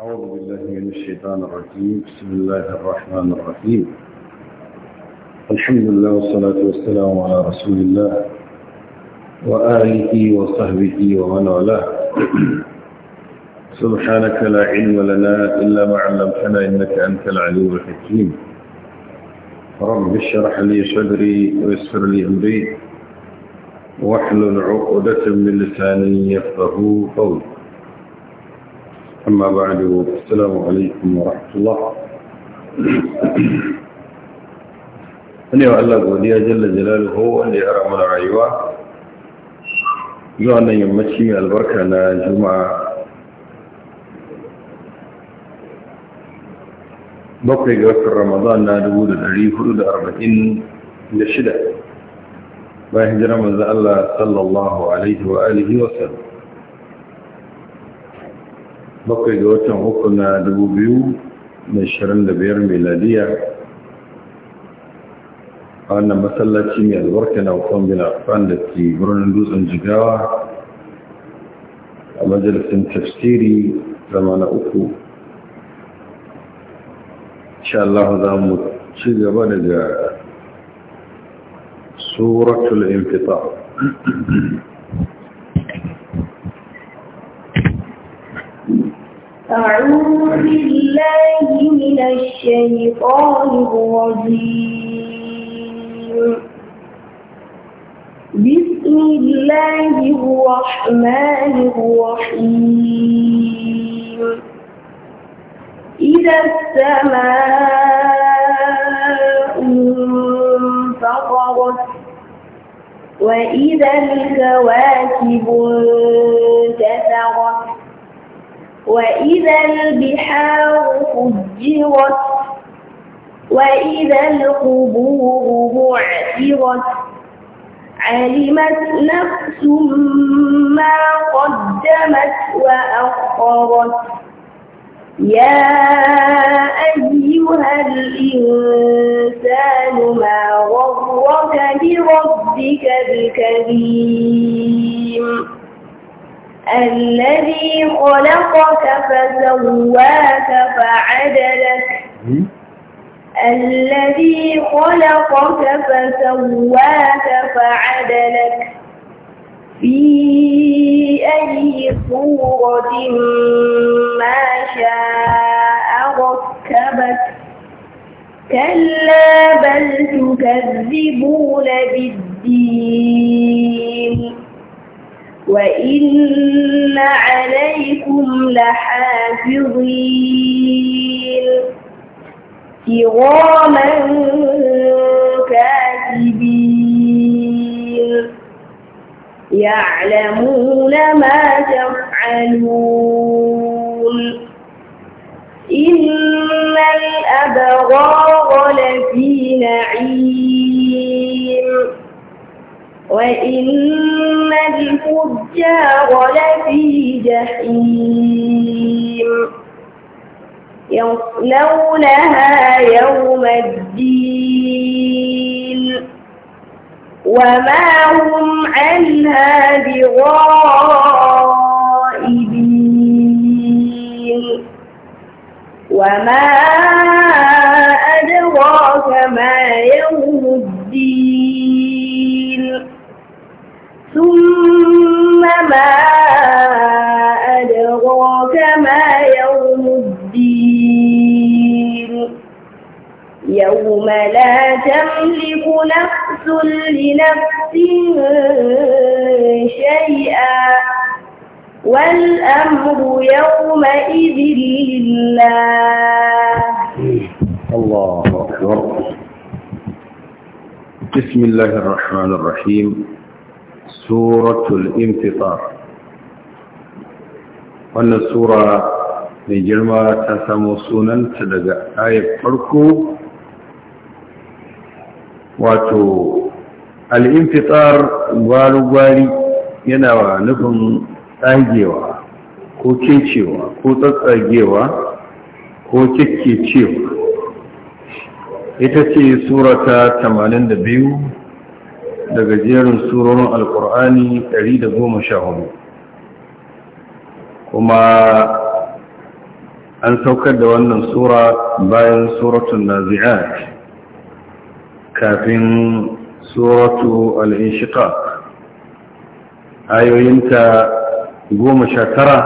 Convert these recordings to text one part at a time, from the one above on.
أعوذ بالله من الشيطان الرجيم بسم الله الرحمن الرحيم الحمد لله والصلاة والسلام على رسول الله وآله وصحبه ومن والاه سبحانك لا علم لنا إلا ما علمتنا إنك أنت العليم الحكيم رب اشرح لي صدري ويسر لي أمري واحلل عقدة من لساني يفقه قولي أما بعد السلام عليكم ورحمة الله أني وعلاك وديا جل جلاله هو اللي أرام العيوة يوانا يمتشي البركة على جمعة بقي في رمضان نادول الأليف رد أربعين لشدة ما يهجر رمضان الله صلى الله عليه وآله وسلم bakwai ga watan uku na dubu biyu mai shirin da biyar meladiya a wannan masallaci mai albarka na kwambi na da ke birnin dutsen jigawa a majalisun tafsiri zama na uku sha Allah za mu ci gaba daga suratul infita أعوذ بالله من الشيطان الرجيم بسم الله الرحمن الرحيم إذا السماء انفطرت وإذا الكواكب انتثرت وإذا البحار فجرت وإذا القبور بعثرت علمت نفس ما قدمت وأخرت يا أيها الإنسان ما غرك بربك الكريم الذي خلقك فسواك فعدلك إيه؟ الذي خلقك فسواك فعدلك في أي صورة ما شاء ركبك كلا بل تكذبون بالدين وإن عليكم لحافظين كراما كاتبين يعلمون ما تفعلون إن الأبرار لفي نعيم وإن الفجار لفي جحيم يصلونها يوم الدين وما هم عنها بغائبين وما أدراك ما يوم الدين ثم ما أدراك ما يوم الدين يوم لا تملك نفس لنفس شيئا والأمر يومئذ لله الله أكبر بسم الله الرحمن الرحيم suratul infitar wannan sura mai girma ta samo sunanta daga ayar farko wato al'infitar gwari-gwari yana nufin tsagewa ko kecewa ko tsatsagewa kekecewa ita ce surata tamanin da biyu. daga jerin surorin alkur'ani 114 kuma an saukar da wannan sura bayan suratun nazi'at kafin suratu al'inshiqaq ayoyinta goma sha tara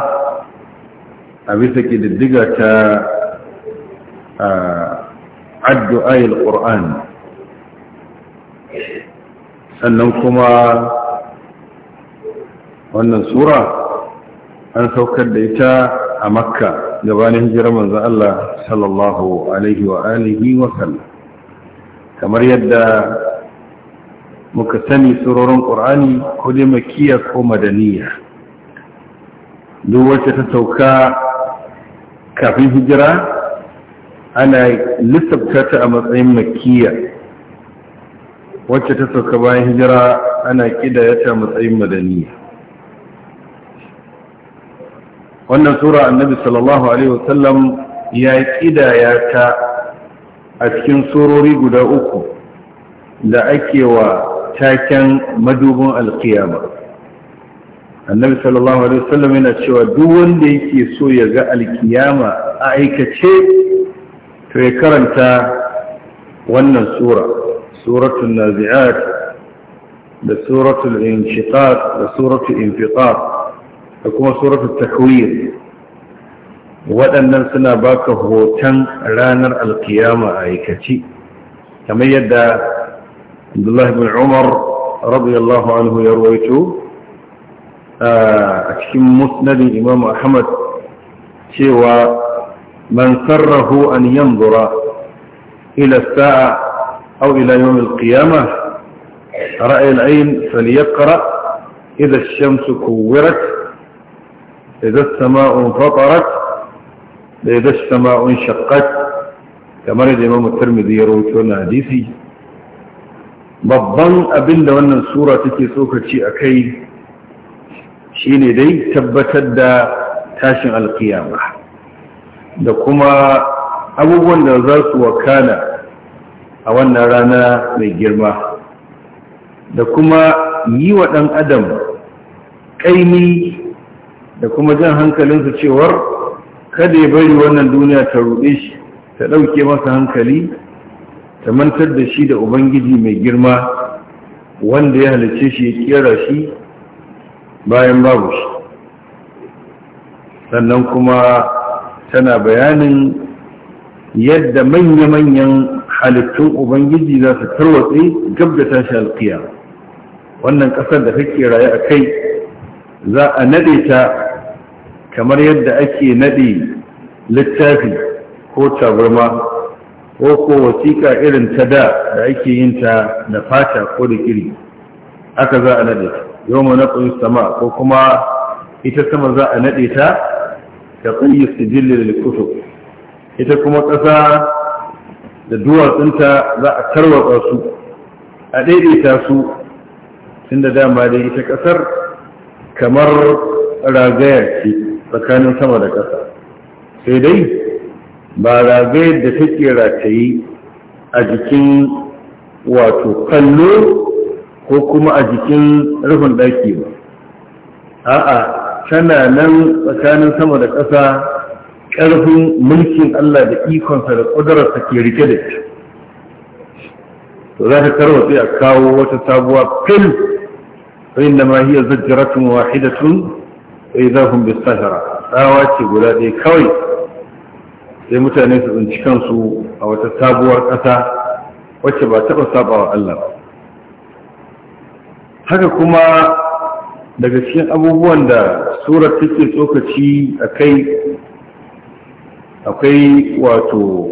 a bisa ƙididdiga ta addu'ayi al'ur'ani sannan kuma wannan sura an saukar da ita a makka gabanin hijirar za Allah sallallahu alaihi wa alihi wa sallam kamar yadda muka sani surorin ƙorani kudin makiya ko madaniya duk wacce ta sauka kafin hijira ana lissafta ta a matsayin makiya wacce ta sauka bayan hijira ana kidaya ta matsayin madani. wannan sura annabi sallallahu alaihi wasallam ya kidaya ta a cikin surori guda uku da ake wa taken madubin alkiyama annabi sallallahu alaihi wasallam yana cewa duk wanda yake so ya ga alkiyama a aikace to ya karanta wannan sura سورة النازعات بسورة الانشقاق بسورة الانفقاق فكما سورة سنة وأننا هو هوتن رانر القيامة آيكتي كما يدى عبد الله بن عمر رضي الله عنه يرويته أكشم آه، مسند إمام أحمد سوى من سره أن ينظر إلى الساعة أو إلى يوم القيامة رأي العين فليقرأ إذا الشمس كورت إذا السماء انفطرت إذا السماء انشقت كما رد إمام الترمذي يروي تولى حديثي مبضان أبن لأن السورة تتي سوكة شيء أكيد شين دي تبتد تاشن القيامة دكما أبوان لذات وكانت a wannan rana mai girma da kuma yi wa ɗan adam ƙaimi da kuma jan hankalinsu cewar kada ya bari wannan duniya ta ruɗe shi ta ɗauke masa hankali ta mantar da shi da ubangiji mai girma wanda ya halice shi ya kera shi bayan babu shi sannan kuma tana bayanin yadda manya-manyan halittun ubangiji za su tarwatse gab da tashi alkiya wannan ƙasar da kake raye a kai za a naɗe ta kamar yadda ake naɗe littafi ko tabarma ko ko wasiƙa irin ta da da ake yin ta da fata ko da iri aka za a naɗe ta yau ma naɗin sama ko kuma ita sama za a naɗe ta ta ƙungiyar sijilin kutub ita kuma ƙasa da duwatsunta za a tarwatsa su a daidaita su tun da dama dai ita ƙasar kamar ragayar ce tsakanin sama da ƙasa sai dai ba ragayar da take rataye a jikin wato kallo ko kuma a jikin rufin ɗaki ba a'a tana nan tsakanin sama da ƙasa ƙarfin mulkin Allah da ikonsa da ƙudurarsa ke rike da shi to za ta tarwatsi a kawo wata sabuwa fil sai da ma hiya zajjaratun wahidatun sai za hun bisahara tsawa ce guda ɗaya kawai sai mutane su tsinci kansu a wata sabuwar ƙasa wacce ba taɓa wa Allah haka kuma daga cikin abubuwan da surar take tsokaci a kai akwai wato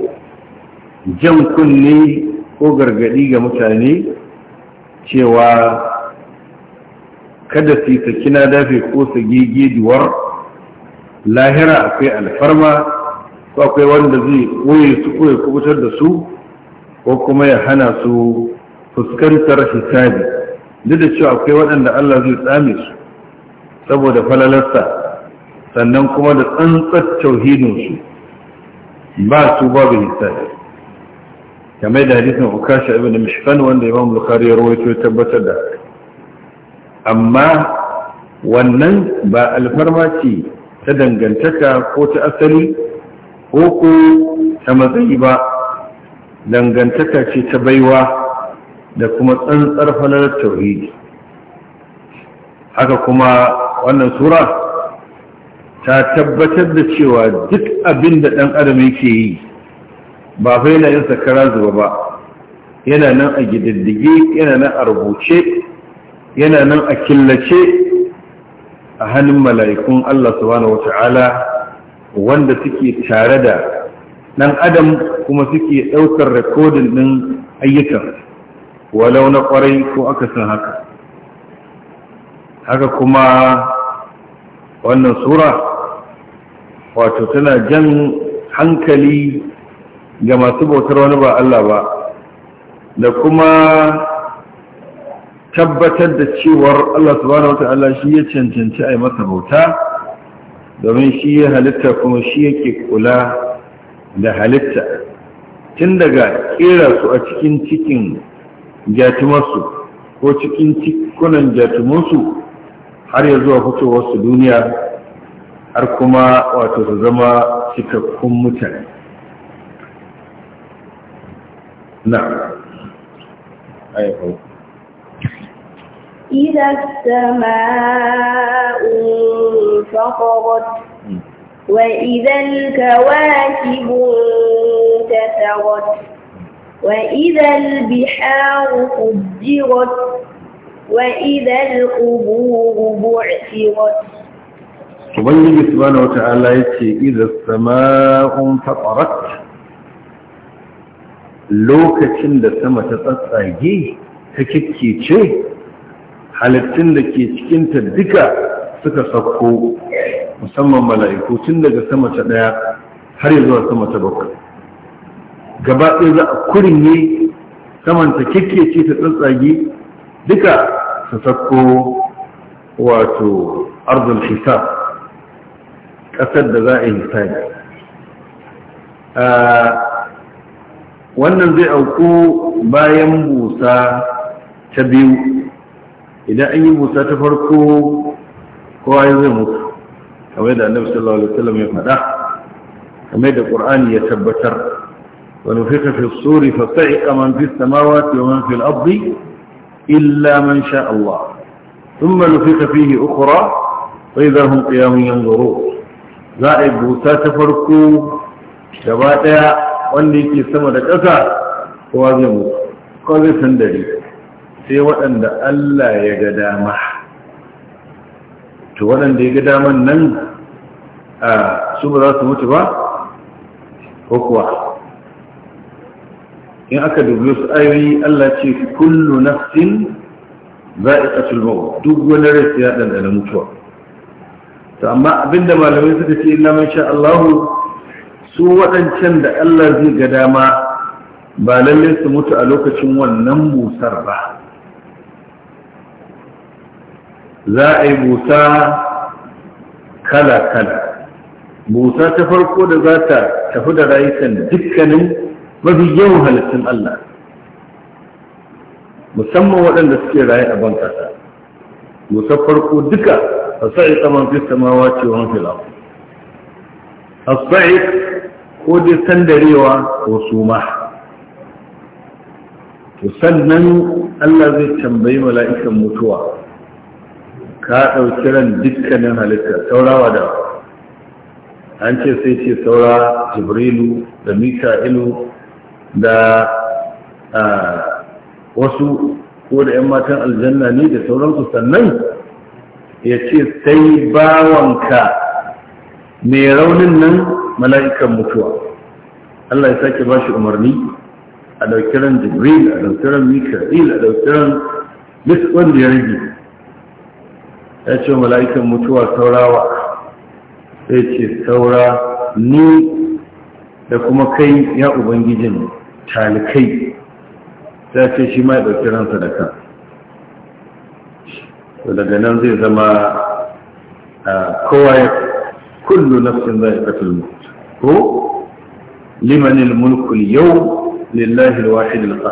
jan kunne ko gargadi ga mutane cewa kada su yi sakina dafe ko su gege duwar lahira akwai alfarma ko akwai wanda zai koye su koye kubutar da su ko kuma ya hana su fuskantar hisabi duk da cewa akwai waɗanda Allah zai tsame su saboda falalarsa sannan kuma da tsantsar tauhidinsu ba su babu hisabi kamar da hadisin abin da mishkan wanda imam bukhari ya rawaito tabbatar da amma wannan ba alfarma ce ta dangantaka ko ta asali ko ko ta matsayi ba dangantaka ce ta baiwa da kuma tsantsar falar tauhidi haka kuma wannan sura ta tabbatar da cewa duk abin da ɗan adam yake yi ba fa yana yin sakara zuba ba yana nan a gididdige yana nan a rubuce yana nan a killace a hannun mala'ikun Allah subhanahu ta'ala wanda suke tare da ɗan adam kuma suke ɗaukar rikodin ɗin ayyukan walau na ƙwarai ko akasin haka haka kuma wannan sura wato tana jan hankali ga masu bautar wani ba Allah ba da kuma tabbatar da cewar Allah subhanahu wata'ala shi ya cancanci a yi masa bauta domin shi ya halitta kuma shi ya ke kula da halitta tun daga kera su a cikin cikin jatumarsu ko cikin cikunan jatumarsu har ya zuwa fitowarsu duniya har kuma wato su zama cikakkun mutane na ayyukau إذا السماء انفطرت وإذا الكواكب انتثرت وإذا البحار فجرت وإذا القبور بعثرت ubangiji subhanahu wata'ala yace idza sama'un fatarat lokacin da sama ta tsatsage ta kikkece halittun da ke cikinta duka suka sauko musamman mala'iku tun daga sama ta daya har ya zuwa sama ta bakwai gaba ɗaya za a kurinye saman ta kikkece ta tsatsage duka su sauko wato arzul hisab ƙasar da za a yi hisabi wannan zai auku bayan busa ta biyu idan an yi busa ta farko kowa ya zai mutu kamar da annabi sallallahu alaihi wasallam ya faɗa kamar da qur'ani ya tabbatar wa nufiqa fi as-suri fa sa'iqa man fi as-samawati wa man fi al-ardi illa man sha'a Allah thumma nufiqa fihi ukhra wa idha hum qiyamun yanzurun za a yi busa ta farko gaba ɗaya wanda yake sama da ƙasa kowa zai mu kowa zai dare sai waɗanda Allah ya ga dama to waɗanda ya ga daman nan a su ba za su mutu ba ko kuwa in aka dubi su ayoyi Allah ce kullu nafsin za'iqatul maut duk wani rai ya dandana mutuwa to amma abinda malamai suka ce illa man sha Allahu, su waɗancan da Allah zai ga dama ba lalle su mutu a lokacin wannan busar ba za a yi busa kala-kala busa ta farko da za ta tafi da rayukan dukkanin mafi yawan halittun Allah musamman waɗanda suke raye a ban ƙasa farko duka فصعق من في السماوات ومن في الأرض الصعق هو دي سندريوة وصومة to sannan Allah zai tambayi mala'ikan mutuwa ka ɗauki ran dukkanin halitta saurawa da an ce sai ce saura jibrilu da mika'ilu da wasu ko da ‘yan matan aljanna ne da sauransu sannan Yace ce sai bawanka mai raunin nan mala'ikan mutuwa Allah ya sake bashi umarni a daukiran jibril a daukiran mika'il a daukiran duk wanda ya rage ya ce mala'ikan mutuwa saurawa sai ce saura ni da kuma kai ya ubangijin talikai sai ce shi ma ya ɗauki ransa da to daga nan zai zama kowa ya kullu nafsin za'iqatul maut ko liman mulku al lillahi al-wahid al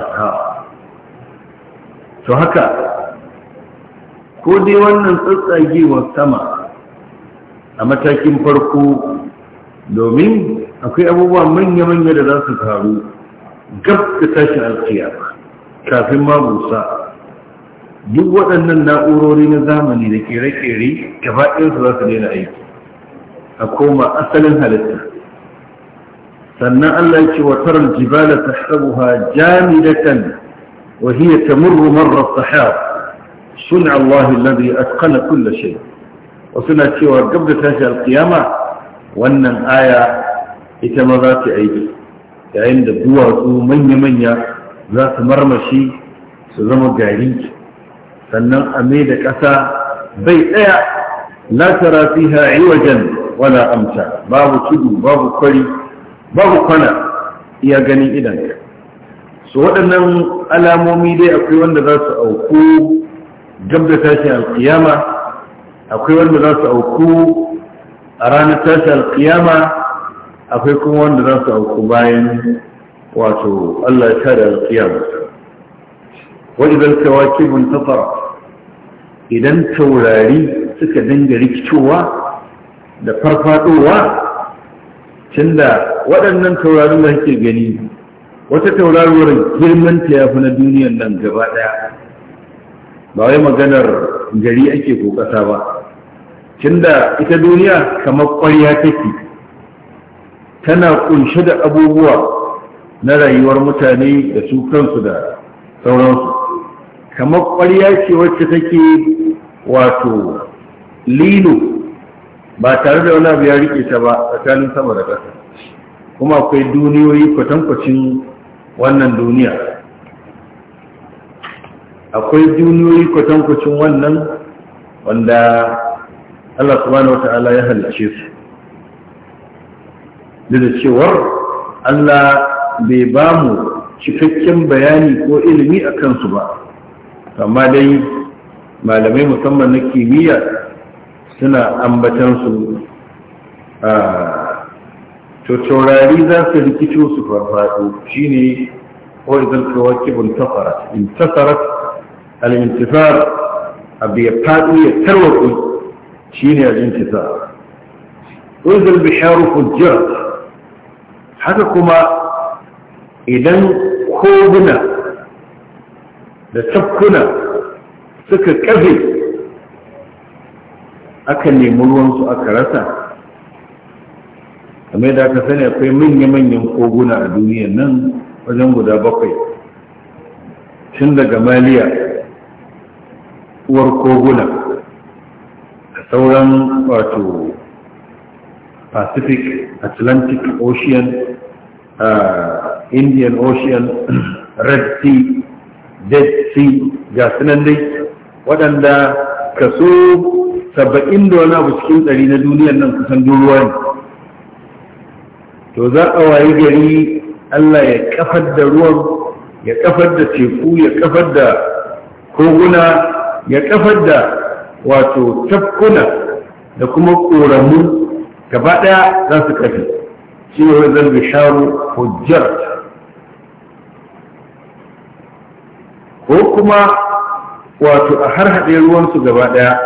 to haka ko dai wannan tsatsagewar sama a matakin farko domin akwai abubuwa manya-manya da za su faru gab da tashin alkiya kafin ma busa duk waɗannan na'urori na zamani da kere-kere gabaɗinsu za su daina aiki a koma asalin halitta sannan Allah ya ce wa tarar jibala ta sabuha jamidatan wa hiya tamurru marra sahab sun Allah alladhi atqana kull shay wa suna cewa gab da tashi alqiyama wannan aya ita ma za ta aiki yayin da duwatsu manya-manya za su marmashi su zama gari sannan a mai da ƙasa bai tsaya la tara fiha iwajen wala amsa babu tudu babu kwari babu kwana iya ganin idan su waɗannan alamomi dai akwai wanda za su auku gab da tashin alƙiyama, akwai wanda za su auku a ranar tashin alƙiyama, akwai kuma wanda za su auku bayan wato Allah ya tare alkiyama wajen kawakibin tafara idan taurari suka dinga rikicowa da farfadowa tunda waɗannan taurarin da kake gani wata tauraruwar girman ta fi na duniyar nan gaba ɗaya ba wai maganar gari ake ko ƙasa ba tunda ita duniya kamar ƙwarya take tana kunshe da abubuwa na rayuwar mutane da su kansu da sauransu kamar ƙwarya ce wacce take wato lilo ba tare da wani abu ya rike ta ba tsakanin sama da ƙasa kuma akwai duniyoyi kwatankwacin wannan duniya akwai duniyoyi kwatankwacin wannan wanda Allah subhanahu ta'ala ya halice su da cewar Allah bai ba mu cikakken bayani ko ilimi a kansu ba amma dai malamai musamman na kimiyya suna ambatansu a taurari za su rikicin su farfaɗo shi ne ƙwaizar kawakibin tafarat intasarat al'intisar abu ya faɗi ya tarwaku shi ne al'intisar bi bisharu hujjar haka kuma idan koguna da tafkuna suka kafe aka nemi ruwansu aka rasa kamar da aka sani akwai manya-manyan koguna a duniya nan wajen guda bakwai tun daga maliya uwar koguna da sauran wato pacific atlantic ocean indian ocean red sea dead sea ga sunan dai waɗanda kaso saba'in da wani abu cikin ɗari na duniyar nan kusan duruwa ne to za a wayi gari allah ya kafar da ruwan ya kafar da teku ya kafar da koguna ya kafar da wato tafkuna da kuma ƙoramu gaba ɗaya za su kafe shi ne wani zan bisharu hujjar ko kuma wato a har haɗe ruwansu gaba ɗaya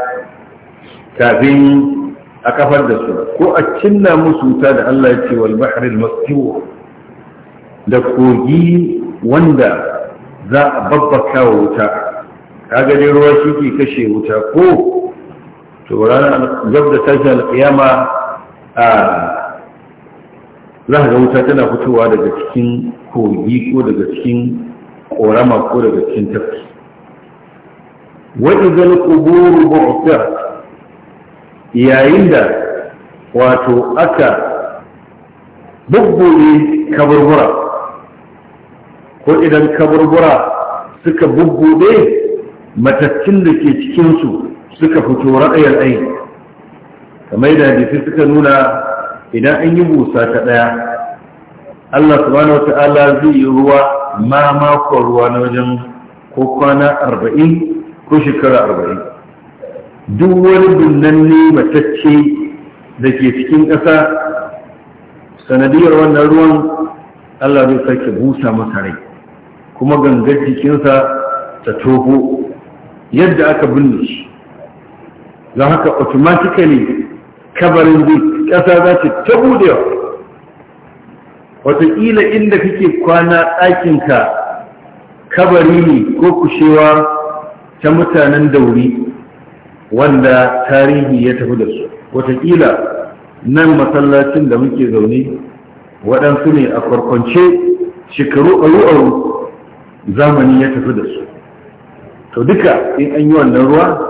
kafin a kafar da su ko a cinna musu wuta da Allah ya ce wal bahril masjur da kogi wanda za a babbaka wa wuta kaga dai ruwa shi ke kashe wuta ko to ranar gab da tashin alƙiyama a za ga wuta tana fitowa daga cikin kogi ko daga cikin ƙorama ko daga cikin tafki wa idhal qubur bu'thirat yayin da wato aka bubbude kaburbura ko idan kaburbura suka bubbude matattun da ke cikinsu suka fito ra'ayar aini kamar da hadisi suka nuna idan an yi busa ta ɗaya allah subhanahu wa ta'ala zai yi ruwa ma makon ruwa na wajen ko kwana arba'in ko shekara arba'in duk wani binnanne matacce da ke cikin ƙasa sanadiyar wannan ruwan allah zai sake busa masa rai kuma gangar jikinsa ta toho yadda aka binne shi za haka automatically kabarin zai ƙasa za ta budewa wataƙila inda kake kwana ɗakinka kabari ne ko kushewa ta mutanen dauri wanda tarihi ya tafi da su watakila nan masallacin da muke zaune waɗansu ne a farkonce shekaru aru zamani ya tafi da su to duka in an yi wannan ruwa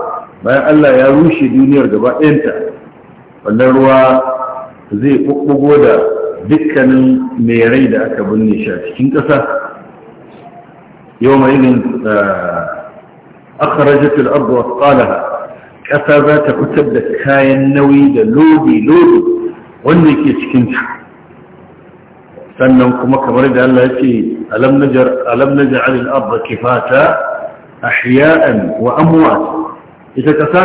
bayan allah ya rushe duniyar gaba ɗayanta wannan ruwa zai ɓuɓɓugo da dukkanin mai rai da aka binne shi a cikin ƙasa yau mai akhrajatul ardu wasqalaha ƙasa za ta fitar da kayan nauyi da lodi lodi wanda ke cikin sannan kuma kamar da Allah ya ce alam najar alam naj'al kifata wa amwat ita ƙasa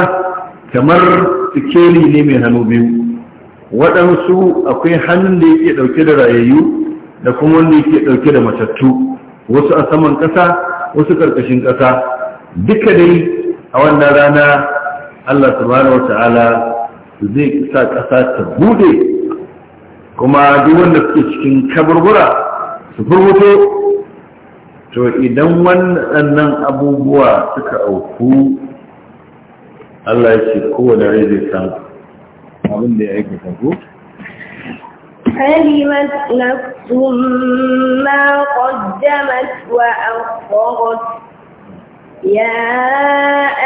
kamar sikeli ne mai hannu biyu waɗansu akwai hannun da yake ɗauke da rayayyu da kuma wanda yake ɗauke da matattu wasu a saman ƙasa wasu ƙarƙashin ƙasa duka dai a wannan rana Allah subhanahu wata'ala zai sa ƙasa ta bude kuma duk wanda suke cikin kaburbura su furbuto to idan wannan abubuwa suka auku Allah ya ce kowane rai zai samu abin da ya aikata ko حلمت نفس ما قدمت وأخرت يا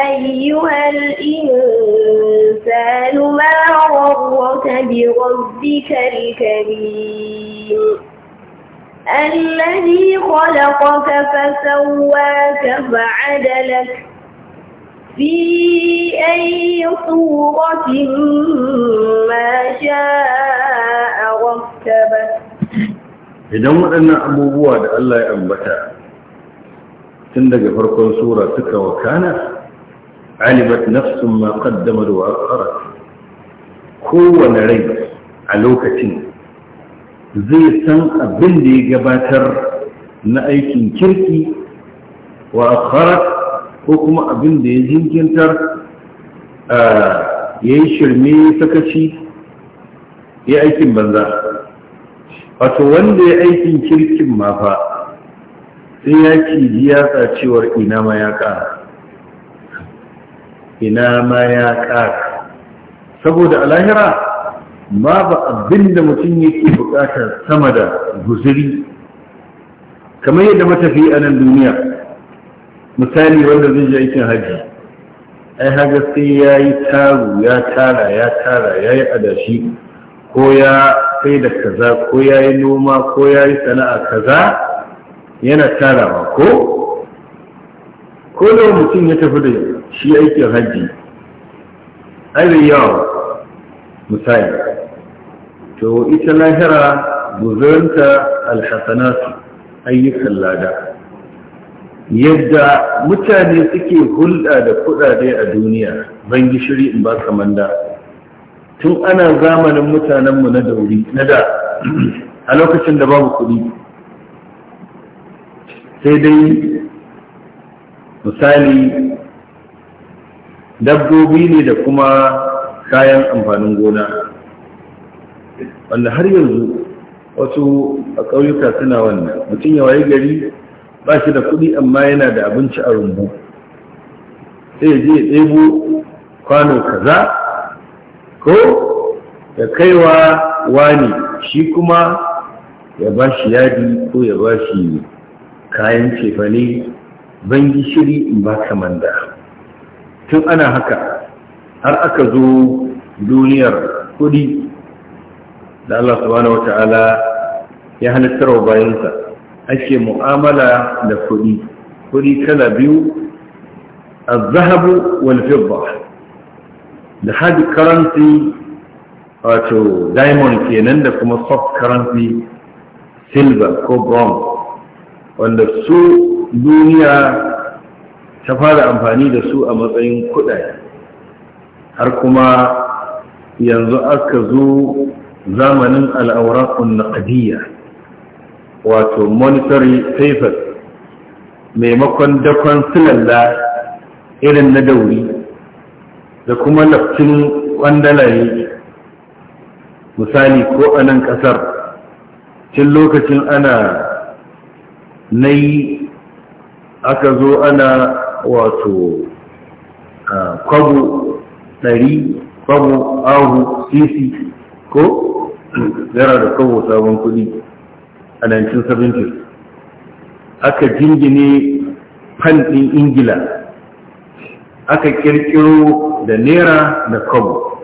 أيها الإنسان ما غرك بربك الكريم الذي خلقك فسواك فعدلك في أي صورة ما شاء ركبك إذا waɗannan أبو da الله ya tun daga farkon sura suka wakana alimat nafsun ma qaddama da wa'akhara kowane rai a lokacin zai san abin da ya gabatar na aikin kirki wa'akhara ko kuma abin da ya jinkintar ya yi shirme sakaci ya aikin banza wato wanda ya aikin kirkin mafa sai ya ciji ya cewar ina ma ya ƙara ina ma ya ƙara saboda alahira ma ba abin da mutum yake buƙatar sama da guziri kamar yadda matafi a nan duniya misali wanda zai ji aikin hajji ai haga sai ya yi taru ya tara ya tara ya yi adashi ko ya sai da kaza ko ya yi noma ko ya yi sana'a kaza yana tarawa ko ko da mutum ya tafi da shi aikin hajji ai yawa misali to ita lahira buzuranta alhassanatu ayyukan lada yadda mutane suke hulɗa da kuɗaɗe a duniya ban gishiri in ba da tun ana zamanin mutanenmu na dauri na da a lokacin da babu kuɗi sai dai misali dabbobi ne da kuma kayan amfanin gona wanda har yanzu wasu a ƙauyuka suna wannan mutum ya waye gari ba shi da kuɗi amma yana da abinci a rumbu sai ya je ya ɗebo kwano kaza ko ya kaiwa wani shi kuma ya ba shi yadi ko ya ba shi kayan cefane ban gishiri in ba ka manda tun ana haka har aka zo duniyar kudi da Allah subhanahu wata'ala ya halittar wa bayansa ake mu'amala da kudi kudi kala biyu الذهب والفضة da hard currency wato diamond kenan da kuma soft currency silver ko bronze wanda su duniya ta fara amfani da su a matsayin kuɗaɗe har kuma yanzu aka zo zamanin al'aurakun naƙadiyya wato monetary papers maimakon dakon silalla irin na dauri da kuma lafcin ƙwandalaye misali ko a nan ƙasar cin lokacin ana na yi aka zo ana wato kwabo ɗari kwabo ahu sisi ko yara da kwabo sabon kudi a 1970 aka jingine ɗin ingila aka kirkiro da nera da kwabo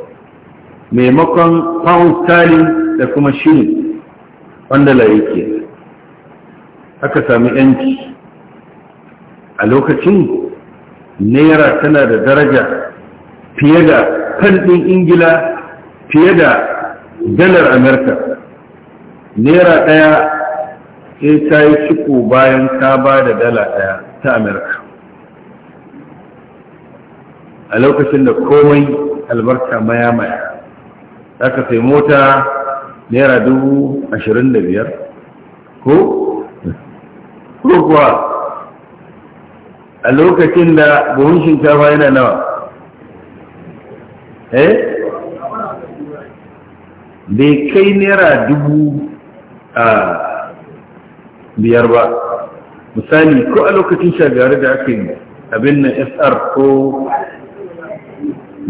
maimakon pound sterling da kuma shirin wanda la yake aka sami yanci a lokacin naira tana da daraja fiye da ɗin ingila fiye da dalar amerika naira ɗaya sai ta yi ciko bayan ta ba da dala ɗaya ta amerika a lokacin da komai albarka maya-maya za ka sai mota naira dubu ashirin da biyar ko ko kuwa a lokacin da buhun shinkafa yana nawa eh bai kai naira dubu a biyar ba misali ko a lokacin shagari da aka yi abin na sr ko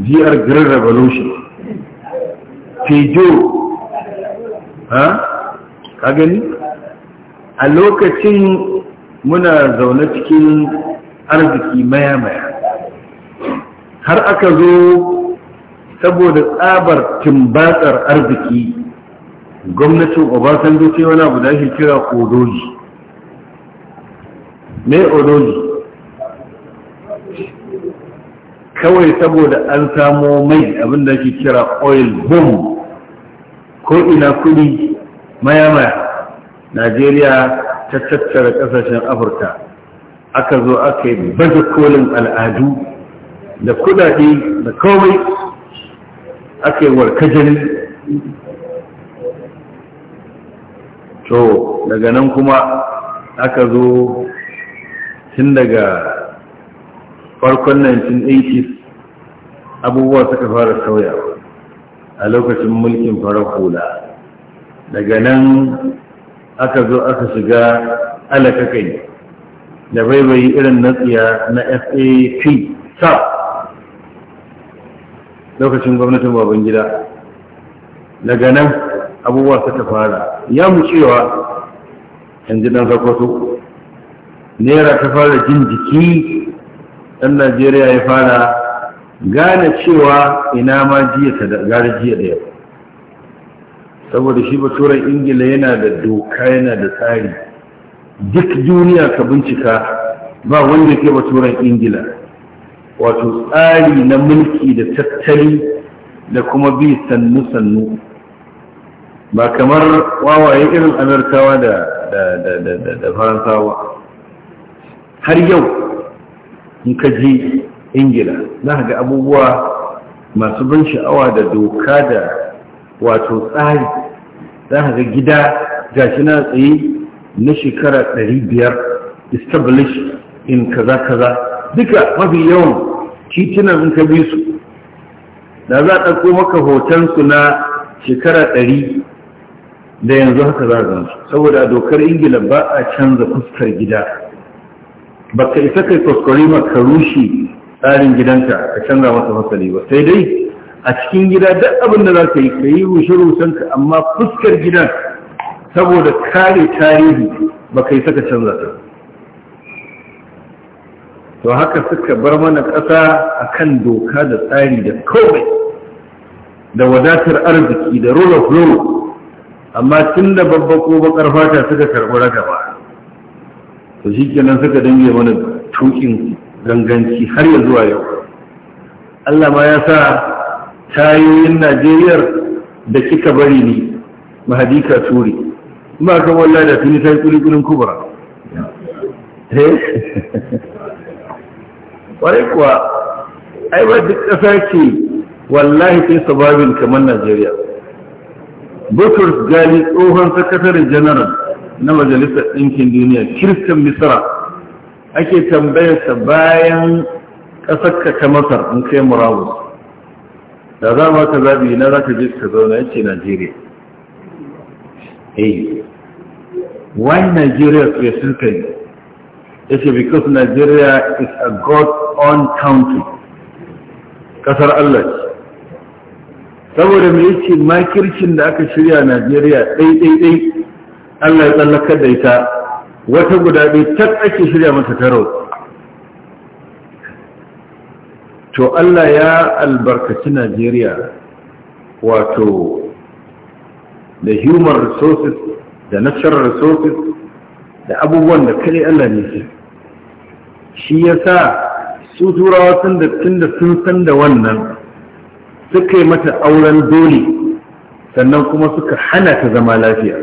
gr green revolution pejo ha ka gani a lokacin muna zaune cikin arziki maya-maya har aka zo saboda tsabar timbatsar arziki gwamnatin obasanjo ce wani abu da ake kira odoji me odoji kawai saboda an samo mai abinda ake kira oil boom ko ina kudi maya-maya najeriya ta tattara kasashen afirka aka zo aka yi baje kolin al'adu da kudade da komai aka yi jini. to daga nan kuma aka zo tun daga farkon 1980s abubuwa suka fara sauyawa a lokacin mulkin farar hula daga nan aka zo aka shiga alaka kai da baibayi irin natsiya na fap sap lokacin gwamnatin baban gida daga nan abubuwa suka fara ya mu cewa yanzu dan sakwato naira ta fara jin jiki ɗan najeriya ya fara gane cewa ina ma jiya ta gari jiya da yau saboda shi baturan ingila yana da doka yana da tsari duk duniya ka bincika ba wanda ke baturan ingila wato tsari na mulki da tattali da kuma bi sannu-sannu ba kamar wawaye irin amurkawa da faransawa har yau in ka ji ingila za ga abubuwa masu ban sha'awa da doka da wato tsari za ka ga gida gashi na tsaye na shekara 500 established in kaza kaza duka mafi yawan titunan in ka bi su da za a ɗauko maka su na shekara 100 da yanzu haka za a saboda a dokar ingila ba a canza fuskar gida ba ka isa kai kuskure ma ka rushe tsarin gidanka ka canza masa fasali ba sai dai a cikin gida duk abin da za ka yi ka yi rushe ka amma fuskar gida saboda kare tarihi ba ka yi saka canza ta to haka suka bar mana ƙasa a kan doka da tsari da kawai da wadatar arziki da rule of amma tun da babba ko bakar fata suka karɓi raka ba to shi kenan suka dange mana tukin ganganci har yanzu a yau Allah ma ya sa tayoyin najeriya da kika bari ne mahadika turi ba kan walla da tuni ta yi kulin kubra ƙwarai eh? kuwa ai ba duk ƙasa ce wallahi sai sababin kamar najeriya bukur gali tsohon sakataren janaral na majalisar ɗinkin duniya kiristan misra ake tambayarsa bayan ƙasar ta masar an kai murabus da za mu ka zaɓi na za ka je ka zauna Najeriya eh why Nigeria specifically It's because Nigeria is a god on country kasar Allah saboda me yace makircin da aka shirya Najeriya dai dai dai Allah ya tsallakar da ita wata guda ɗaya tak ake shirya mata tarau to Allah ya albarkaci Najeriya wato da human resources da natural resources da abubuwan da kare Allah ne shi shi ya sa su turawa sun da da sun san da wannan suka yi mata auren dole sannan kuma suka hana ta zama lafiya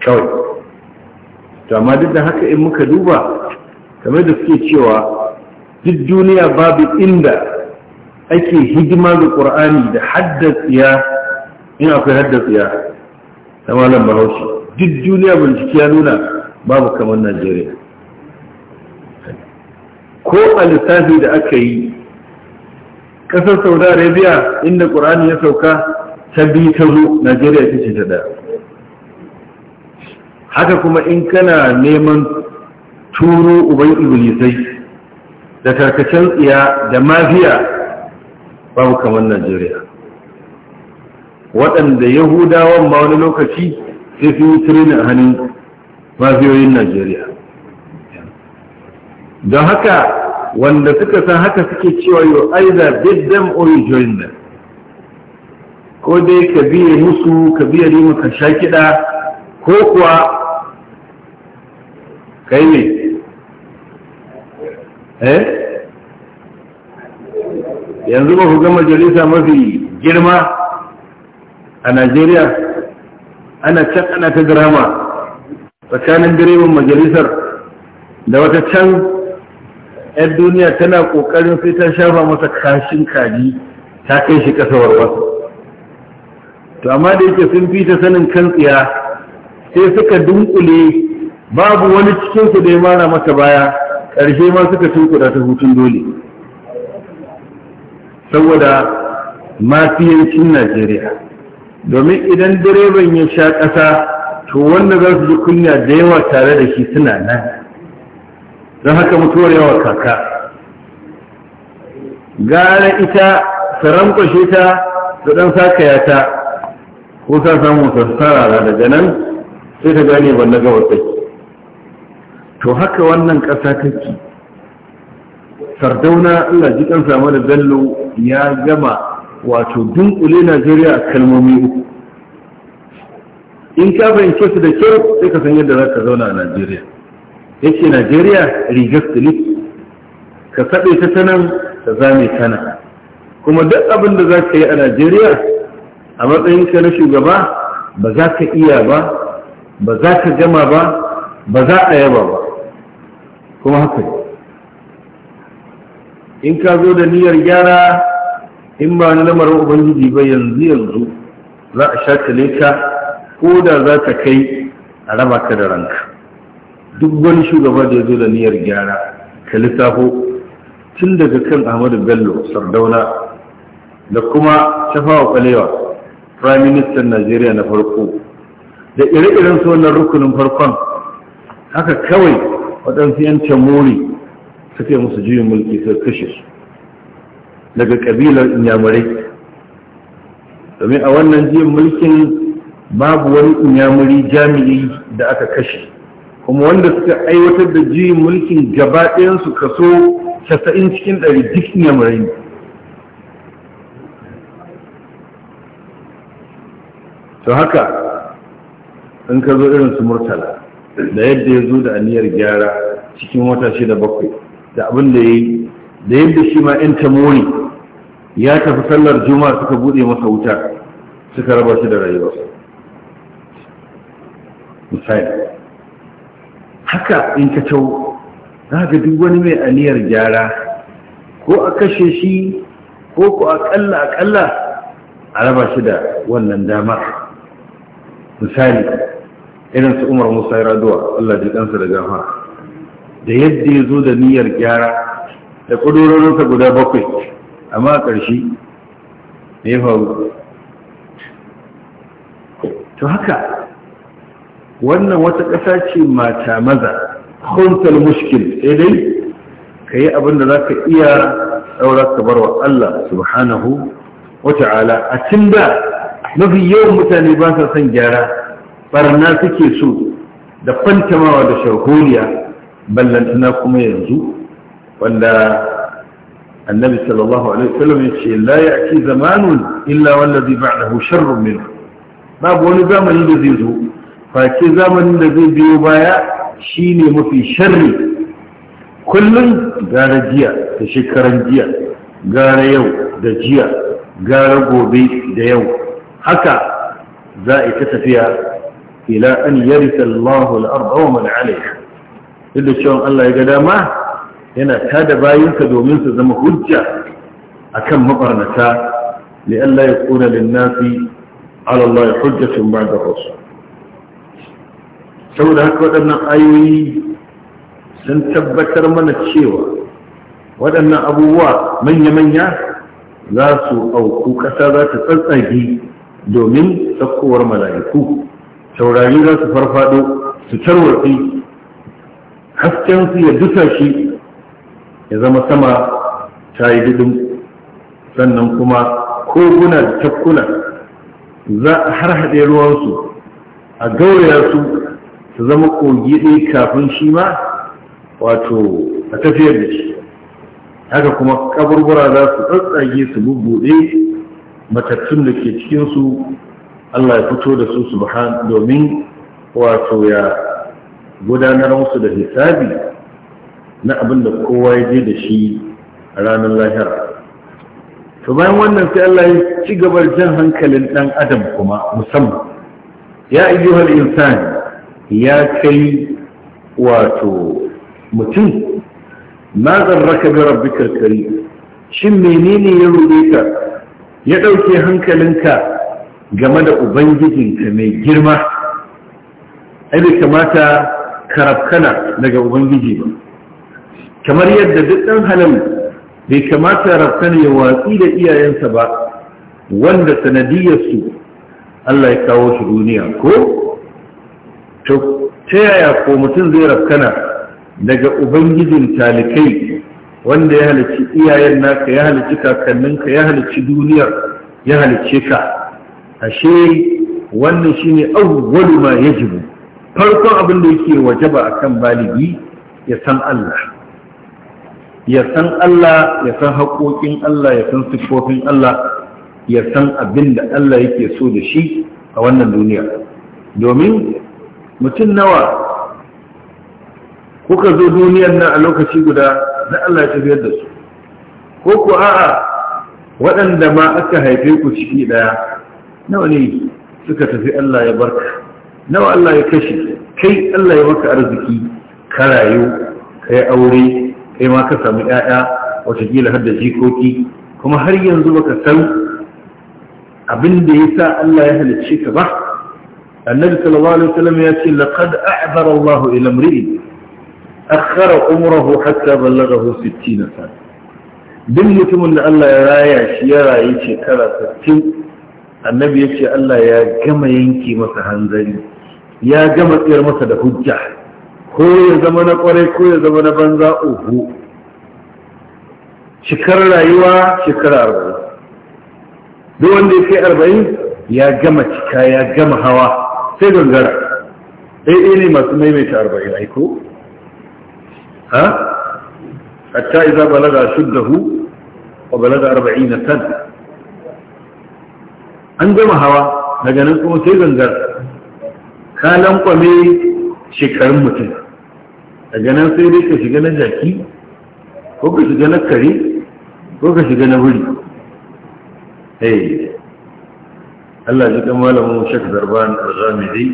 kawai to amma duk da haka in muka duba kamar da suke cewa duk duniya babu inda ake hidima ga ƙur'ani da haddasa, in akwai haddasiya ta malam bahaushe duk duniya bincike ya nuna babu kamar najeriya ko a lissafi da aka yi ƙasar saudi arabia inda ƙur'ani ya sauka ta biyu ta zo najeriya ta ce ta ɗaya haka kuma in kana neman turo uban iblisai da tarkacen tsiya da mafiya babu kamar najeriya waɗanda yahudawan ma wani lokaci sai su yi tirini hannun mafiyoyin najeriya don haka wanda suka san haka suke cewa yo either did them or you join them ko dai ka biye musu ka biye rima ka sha kiɗa ko kuwa kai ne eh yanzu ba ku ga majalisa mafi girma a najeriya ana can ana ta drama tsakanin direban majalisar da wata can 'yan duniya tana ƙoƙarin sai ta shafa masa kashin kaji ta kai shi kasawar wasu to amma da yake sun fi ta sanin kan tsiya sai suka dunkule babu wani cikinsu da ya mara mata baya ƙarshe ma suka tunkura ta hutun dole saboda mafiyancin najeriya domin idan direban ya sha ƙasa to wanda za su ji kunya da yawa tare da shi suna nan don haka mutuwar yawa kaka gara ita sarankwashe ta da ɗan sakaya ta ko ta samu sassarara daga nan sai ta gane ban na gawar to haka wannan ƙasa take sardauna allah ji kansa mana bello ya gama wato dunkule najeriya a kalmomi uku in ka fahimce su da kyau sai ka san yadda za ka zauna a najeriya yake najeriya rigar silif ka saɓe ta sanan ka zame tana kuma duk abin da za ka yi a najeriya a matsayinka na shugaba ba za ka iya ba ba za ka gama ba ba za a yaba ba kuma haka in ka zo da niyyar gyara in ba na lamarin ubangiji ba yanzu yanzu za a shakale ka ko da za ka kai a raba ka da ranka duk wani shugaba da ya zo da niyyar gyara ka littafo tun daga kan ahmadu bello sardauna da kuma Shafawa kwalewa prime minister najeriya na farko da ire-iren su wannan rukunin farkon haka kawai waɗansu 'yan tamori suka yi musu juyin mulki suka kashe su daga kabilar inyamurai domin a wannan juyin mulkin babu wani inyamuri jami'i da aka kashe kuma wanda suka aiwatar da juyin mulkin gaba su kaso 90 cikin 100 duk inyamurai ne to haka in ka zo irin su murtala da yadda ya zo da aniyar gyara cikin wata shida bakwai da abin da ya yi da yadda shi ma 'yan tamori ya tafi sallar juma'a suka buɗe masa wuta suka raba shi da rayuwarsa misali haka in ka tau za ga duk wani mai aniyar gyara ko a kashe shi ko ko akalla akalla a raba shi da wannan dama misali irin su umar musa raduwa allah ji ɗansa da gama da yadda ya zo da niyyar gyara da ƙudurorinsa guda bakwai amma a ƙarshe ne ya faru to haka wannan wata ƙasa ce mata maza kuntal mushkil sai dai ka yi abinda za ka iya ɗaura ka bar wa Allah subhanahu wa ta'ala a cin da mafi yawan mutane ba sa son gyara barna suke so da fantamawa da shahuliya ballantana kuma yanzu wanda annabi sallallahu alaihi wasallam ya ce la ya'ti zamanun illa wallazi ba'dahu sharrun minhu babu wani zamani da zai zo face zamanin da zai biyo baya shine mafi sharri kullum gara jiya da shekaran jiya gara yau da jiya gara gobe da yau haka za a ta tafiya ila an yarisa Allahu al-ardha wa man 'alayha duk da cewa Allah ya ga dama yana tada bayinsa domin su zama hujja akan mabarnata li Allah ya kuna linnasi ala Allah hujjatun ba'da rasul saboda haka waɗannan ayoyi sun tabbatar mana cewa waɗannan abubuwa manya-manya za su auku ƙasa za ta tsantsage domin sakkowar mala'iku taurari za su farfado su tarwatsi hasken su ya dusa shi ya zama sama ta yi dudun sannan kuma koguna da tafkuna za a har haɗe ruwansu a gauraya su su zama kogi ɗaya kafin shi ma wato a tafiyar da shi haka kuma kaburbura za su tsatsage su bubbuɗe matattun da ke cikinsu Allah ya fito da su subhan domin wato ya gudanar musu da hisabi na abin da kowa ya je da shi a ranar lahira to bayan wannan sai Allah ya ci gabar jan hankalin dan adam kuma musamman ya ayyuhal insani ya kai wato mutum ma zarraka bi rabbikal shin menene ya rude ka ya dauke hankalinka game da ubangijinka mai girma ai bai kamata karafkana daga ubangiji ba kamar yadda duk ɗan halal bai kamata rafkana ya watsi da iyayensa ba wanda sanadiyarsu Allah ya kawo shi duniya ko ta yaya ko mutum zai rafkana daga ubangijin talikai wanda ya halici iyayen naka ya halici kakanninka ya halici duniyar ya halice ka ashe wannan shine awwalu ma yajibu farkon abin da yake wajaba akan baligi ya san Allah ya san Allah ya san haƙoƙin Allah ya san siffofin Allah ya san abin da Allah yake so da shi a wannan duniya domin mutum nawa kuka zo duniyar nan a lokaci guda na Allah ya tafiyar da su ko ku a'a waɗanda ma aka haife ku ciki ɗaya nawa ne suka tafi Allah ya barka nawa Allah ya kashe kai Allah ya maka arziki ka rayu ka aure kai ma ka samu ƴaƴa watakila har da jikoki kuma har yanzu baka san abin da ya sa Allah ya halicce ka ba annabi sallallahu alaihi wasallam ya ce laqad a'bara Allah ila imri'in akhara umrahu hatta ballaghahu 60 sana duk mutumin da Allah ya raya shi ya rayu shekara 60 annabi ya ce Allah ya gama yanke masa hanzari ya gama tsayar masa da hujja ko ya zama na kwarai ko ya zama na banza uku shekar rayuwa shekara arba'in duk wanda ya kai arba'in ya gama cika ya gama hawa sai gangara ɗaiɗai ne masu maimaita arba'in aiko ha hatta iza balaga shuddahu wa balaga arba'in na san an gama hawa daga nan kuma sai gangara ka lankwame shekarun mutum A ganin sai dai ka shiga na jaki ko ka shiga na kare ko ka shiga na wuri hey Allah ji kan malamin shek Zarban Al-Ghamidi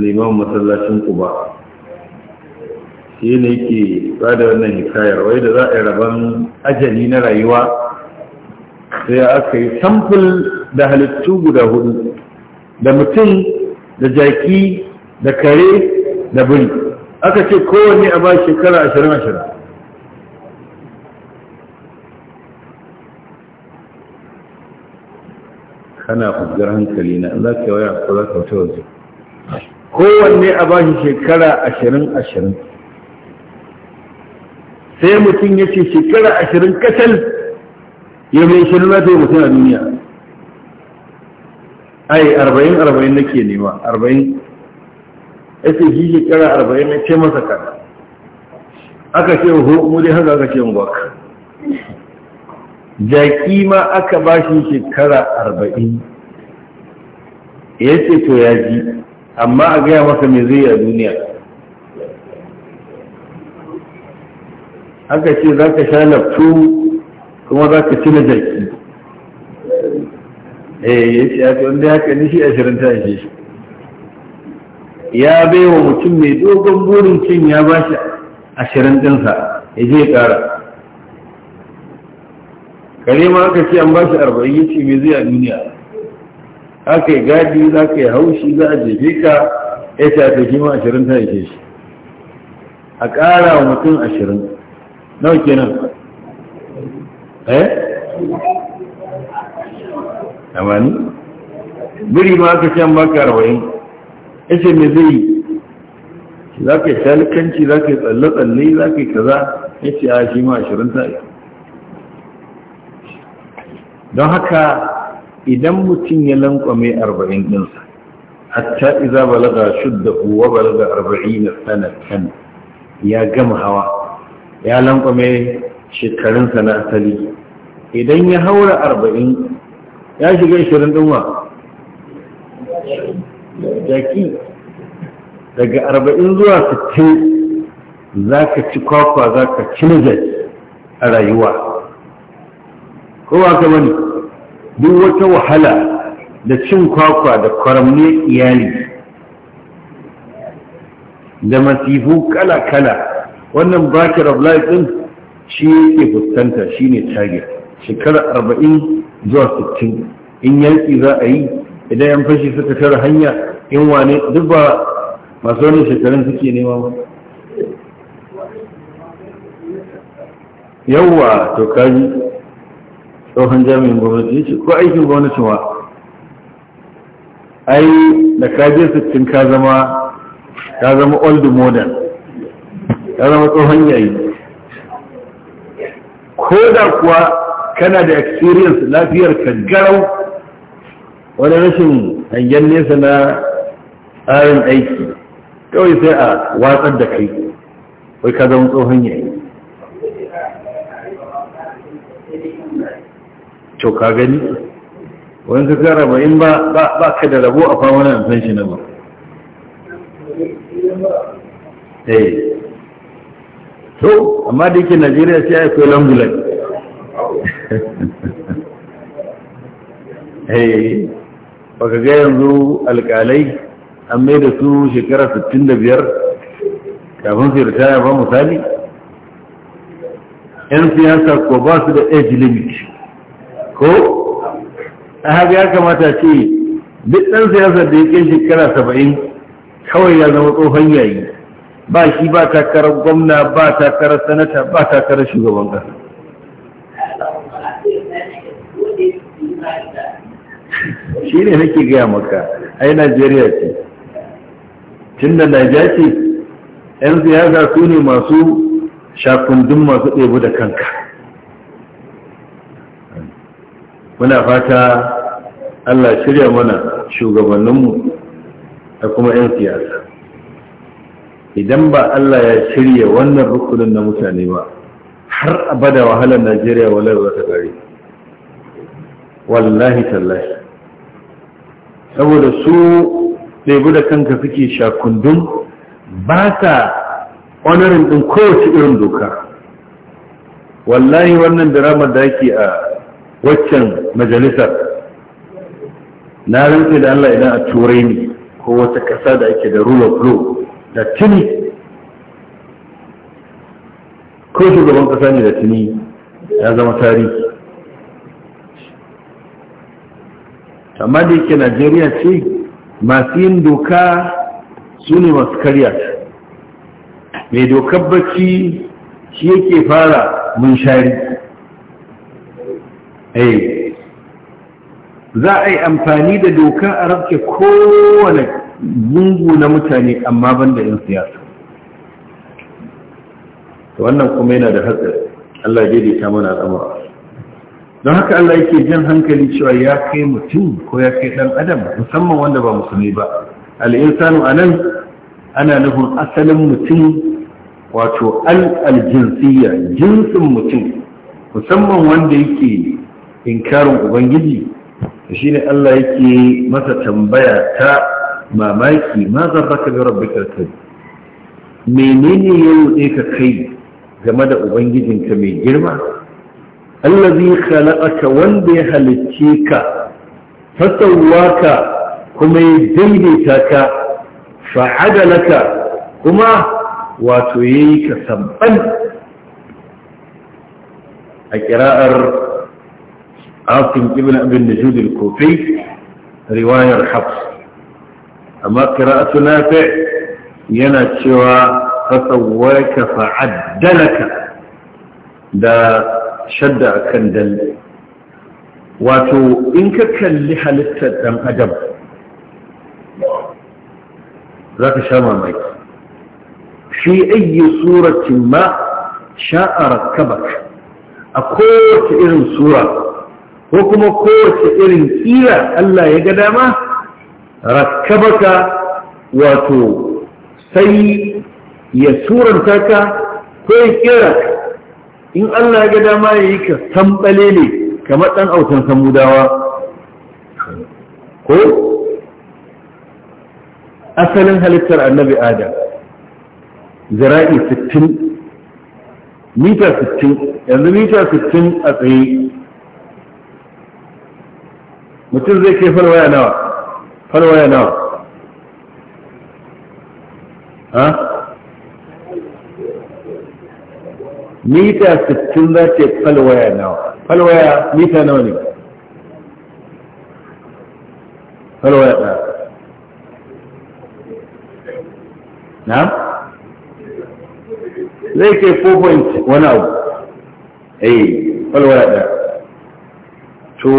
liman masallacin Quba shi ne yake bada wannan hikayar wai da za a yi rabon ajali na rayuwa sai aka yi samfil da halittu guda hudu da mutum da jaki da kare da buri aka ce kowanne a ba shekara ashirin ashirin kana kujjar hankali na za ka waya ko za ka wata waje kowanne a ba shi shekara ashirin ashirin sai mutum ya ce shekara ashirin kacal ya mai shirin na ta yi mutum a duniya ai arba'in arba'in nake nema arba'in ya ce shi shekara arba'in na ce masa kada aka ce ho mu dai haka aka ce ngwak jaki ma aka ba shi shekara arba'in ya ce to ya ji amma a gaya masa mai zai a duniya aka ce za ka sha lafto kuma za ka ci na jaki Eh, ya ce ya wanda ya kalli shi ashirin ta shi ya bai wa mutum mai dogon burin cin ya ba shi ashirin ɗinsa ya je ƙara kare ma aka ce an ba shi arba'in ya ce mai zai a duniya aka yi gadi za ka yi haushi za a jefe ka ya ce a tafi ma ashirin ta yake shi a ƙara wa mutum ashirin nawa kenan eh amani biri ma aka can baka arba'in yace me zai yi za ka yi shalikanci za ka yi tsalle-tsalle za ka yi kaza ya ce a shi ma ashirin ta iya don haka idan mutum ya lankwame arba'in ɗinsa hatta iza balaga shudda uwa balaga arba'in na kan ya gama hawa ya lankwame shekarunsa na asali idan ya haura arba'in ya shiga ishirin ɗin wa jaki daga arba'in zuwa sittin za ka ci kwakwa za ka ci a rayuwa kowa ka bane duk wata wahala da cin kwakwa da kwaramne iyali da masifu kala-kala wannan bakir of life din shi yake fuskanta shi ne target shekarar arba'in zuwa sittin in yaƙi za a yi idan yan fashi suka tara hanya in wane duk ba masu wani shekarun suke nema ba yawwa to kaji tsohon jami'in gwamnati ya ce ko aikin gwamnati ma ai da kajiyar sittin ka zama ka zama old modern ka zama tsohon yayi ko da kuwa kana da experience lafiyar ka garau wani rashin hangen nesa na tsarin aiki kawai sai a watsar da kai wai ka zama tsohon yayi to ka gani wani su kara ba in ba ka da rabo a na san shi na ba eh to amma da yake najeriya sai lambu langulan Eh, baka ga yanzu alƙalai an mai da su shekara 65 kafin su ya ba misali yan siyasa ko ba su da age limit ko a haka ya kamata ce duk ɗan siyasar da ya ke shekara 70 kawai ya zama tsohon yayi ba shi ba takarar gwamna ba takarar sanata ba takarar shugaban ƙasa shi ne nake gaya maka ai najeriya ce tun da naija ce 'yan siyasa su ne masu shakundun masu ɗebu da kanka muna fata allah shirya mana shugabanninmu da kuma 'yan siyasa idan ba allah ya shirya wannan rukunin na mutane ba har abada wahalar najeriya walar wata gari wallahi tallahi saboda su ɗaibu da kanka suke shakundun ba sa honorin ɗin kowace irin doka wallahi wannan drama da ake a waccan majalisar na rantse da Allah idan a turai ne ko wata ƙasa da ake da rule of law da tuni ko shugaban ƙasa ne da tuni ya zama tarihi amma da yake najeriya ce masu yin doka su ne masu karya mai dokar bacci shi yake fara munshari eh, za a yi amfani da doka a rafke kowane gungu na mutane amma ban da yin siyasa wannan kuma yana da hatsari Allah ya daidaita mana al'amura don haka Allah yake jan hankali cewa ya kai mutum ko ya kai dan adam musamman wanda ba musulmi ba al-insanu anan ana nufin asalin mutum wato al-aljinsiyya jinsin mutum musamman wanda yake inkarin ubangiji shi ne Allah yake masa tambaya ta mamaki ma zarraka bi rabbi kai menene yau ne ka kai game da ubangijinka mai girma allazi khalaqaka wanda ya halicce ka fasawwaka kuma ya daidaita ka fa'adalaka kuma wato yayi ka sabban a kira'ar asim ibn abin najud al-kufi riwayar hafs amma kira'atu nafi yana cewa fasawwaka fa'adalaka da shadda akan dalle wato in ka kalli halittar ɗan adam za ka sha mamaki fi ayi suratin ma sha'ara kabak a kowace irin sura ko kuma kowace irin tsira, Allah ya ga dama rakkabaka wato sai ya suranta ka ko ya kira in Allah ya ga dama ya yi ka tambale ne kamar ɗan autan samudawa ko asalin halittar annabi adam zira'i 60 mita 60 yanzu mita 60 a tsaye mutum zai ke falwaya nawa falwaya nawa ha mita 60 za ce falwaya nawa falwaya mita nawa ne falwaya ɗaya na zai ke 4 wani abu eh falwaya ɗaya to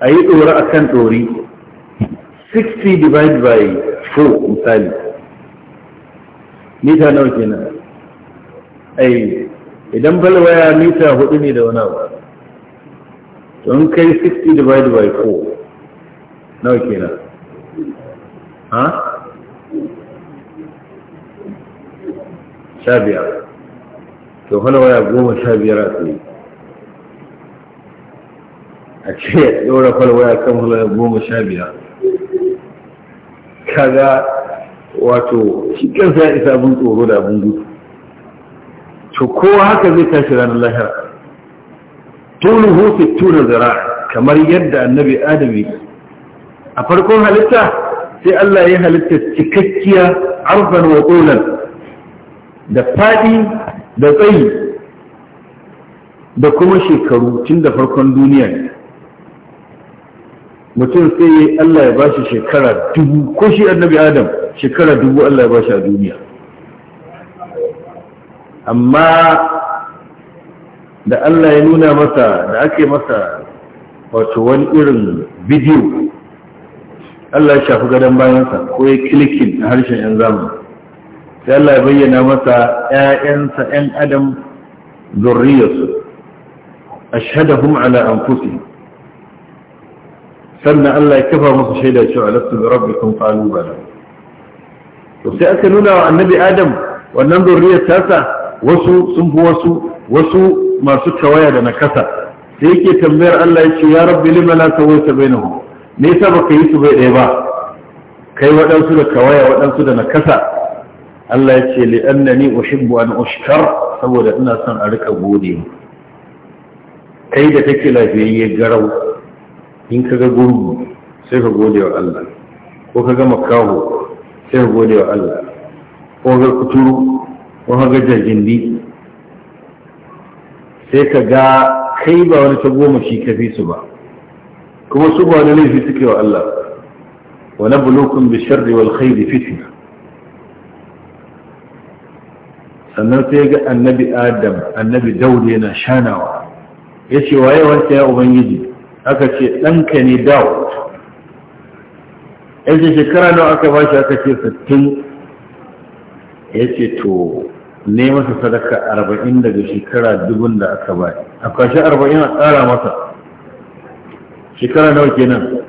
a yi ɗora a kan ɗori 60 divided by 4 misali mita nawa kenan ai eh. idan balwaya mita hudu ne da wani abu don kai 60 divided by 4 nawa kenan ha? sha biyar to waya goma sha biyar a tsaye a ce ya ɗora falwaya kan waya goma sha biyar kaga wato shi kansa ya isa abin tsoro da abin gudu to kowa haka zai tashi ranar lahira tunuhu fi tuna zara kamar yadda annabi adam a farkon halitta sai Allah ya halitta cikakkiya arfan wa qulan da fadi da tsayi da kuma shekaru tun da farkon duniya mutum sai Allah ya bashi shekara dubu ko shi annabi adam shekara dubu Allah ya bashi a duniya amma da Allah ya nuna masa da ake masa wato wani irin bidiyo Allah ya shafi gadon bayansa ko ya kilikin a harshen 'yan zamani sai Allah ya bayyana masa 'ya'yansa 'yan adam zurriyarsu ashhadahum ala anfusihim sannan Allah ya kafa musu shaida cewa lastu rabbi rabbikum qalu ba to sai aka nuna wa annabi adam wannan zurriyar tasa wasu sun fi wasu wasu masu tawaya da nakasa sai yake tambayar Allah ya ce ya rabbi lima la sawaita bainahum me yasa baka yi su bai ɗaya ba kai waɗansu da kawaya waɗansu da nakasa Allah ya ce li annani uhibbu an ushkar saboda ina son a rika gode kai da take lafiyayye garau in kaga gurgu sai ka gode wa Allah ko kaga makaho sai ka gode wa Allah ko ga kuturu kuma ga Jirgin jindi sai ka ga kai ba wani ta goma shi kafi su ba kuma su ba wani laifi suke wa Allah wa nabluukum bi sharri wal khairi fitna sannan sai ga annabi adam annabi daud yana shanawa yace waye wanda ya ubangiji aka ce ɗanka ne daud yace shekara nawa aka ba shi aka ce ya ce to ne masa sadaka arba'in daga shekara dubun da aka bai a kwashe arba'in a tsara masa shekara nawa kenan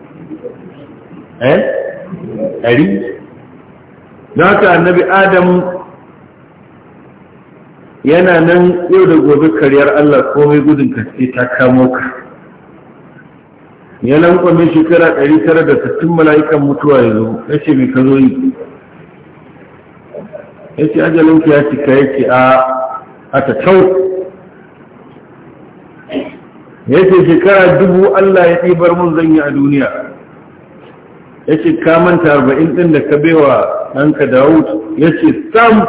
eh ɗari don haka annabi adam yana nan yau da gobe karyar allah komai gudun kaske ta kamo ka ya lankwame shekara 960 mala'ikan mutuwa ya zo ya ce mai ka zo yi ya ce ya cika ya ce a ta ya ce shekara dubu Allah ya ɗibar mun zanyi a duniya ya ce kamanta arba'in ɗin da ka bewa ɗanka dawud ya ce sam